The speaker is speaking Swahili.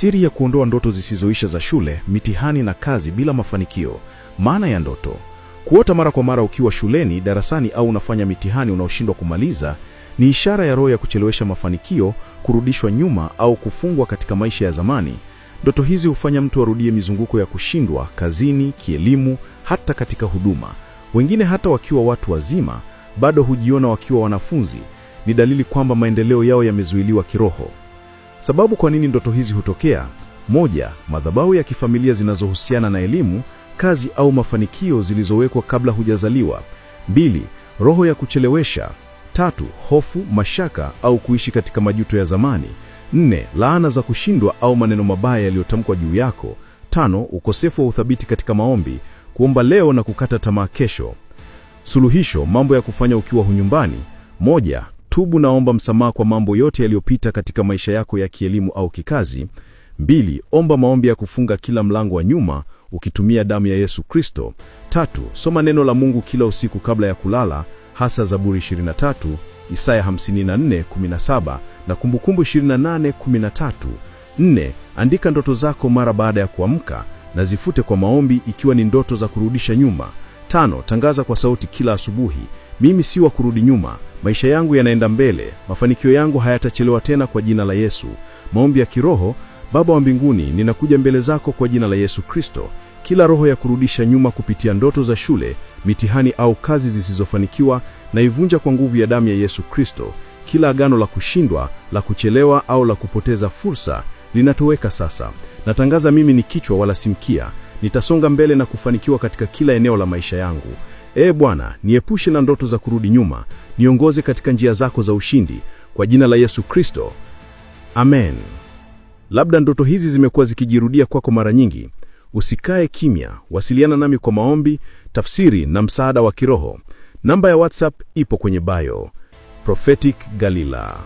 Siri ya kuondoa ndoto zisizoisha za shule, mitihani na kazi bila mafanikio. Maana ya ndoto: kuota mara kwa mara ukiwa shuleni, darasani au unafanya mitihani unaoshindwa kumaliza ni ishara ya roho ya kuchelewesha mafanikio, kurudishwa nyuma au kufungwa katika maisha ya zamani. Ndoto hizi hufanya mtu arudie mizunguko ya kushindwa kazini, kielimu, hata katika huduma. Wengine hata wakiwa watu wazima bado hujiona wakiwa wanafunzi. Ni dalili kwamba maendeleo yao yamezuiliwa kiroho. Sababu kwa nini ndoto hizi hutokea: moja, madhabahu ya kifamilia zinazohusiana na elimu, kazi au mafanikio zilizowekwa kabla hujazaliwa; mbili, roho ya kuchelewesha; tatu, hofu, mashaka au kuishi katika majuto ya zamani; nne, laana za kushindwa au maneno mabaya yaliyotamkwa juu yako; tano, ukosefu wa uthabiti katika maombi, kuomba leo na kukata tamaa kesho. Suluhisho: mambo ya kufanya ukiwa hunyumbani: moja, tubu naomba msamaha kwa mambo yote yaliyopita katika maisha yako ya kielimu au kikazi. Mbili, omba maombi ya kufunga kila mlango wa nyuma ukitumia damu ya Yesu Kristo. Tatu, soma neno la Mungu kila usiku kabla ya kulala, hasa Zaburi 23, Isaya 54:17 na Kumbukumbu 28:13. Nne, andika ndoto zako mara baada ya kuamka na zifute kwa maombi ikiwa ni ndoto za kurudisha nyuma. Tano, tangaza kwa sauti kila asubuhi, mimi si wa kurudi nyuma, maisha yangu yanaenda mbele, mafanikio yangu hayatachelewa tena kwa jina la Yesu. Maombi ya kiroho: Baba wa mbinguni, ninakuja mbele zako kwa jina la Yesu Kristo. Kila roho ya kurudisha nyuma kupitia ndoto za shule, mitihani au kazi zisizofanikiwa, naivunja kwa nguvu ya damu ya Yesu Kristo. Kila agano la kushindwa, la kuchelewa au la kupoteza fursa linatoweka sasa. Natangaza mimi ni kichwa wala si mkia nitasonga mbele na kufanikiwa katika kila eneo la maisha yangu. Ee Bwana, niepushe na ndoto za kurudi nyuma, niongoze katika njia zako za ushindi, kwa jina la Yesu Kristo, amen. Labda ndoto hizi zimekuwa zikijirudia kwako mara nyingi. Usikae kimya, wasiliana nami kwa maombi, tafsiri na msaada wa kiroho. Namba ya WhatsApp ipo kwenye bio. Prophetic Galila.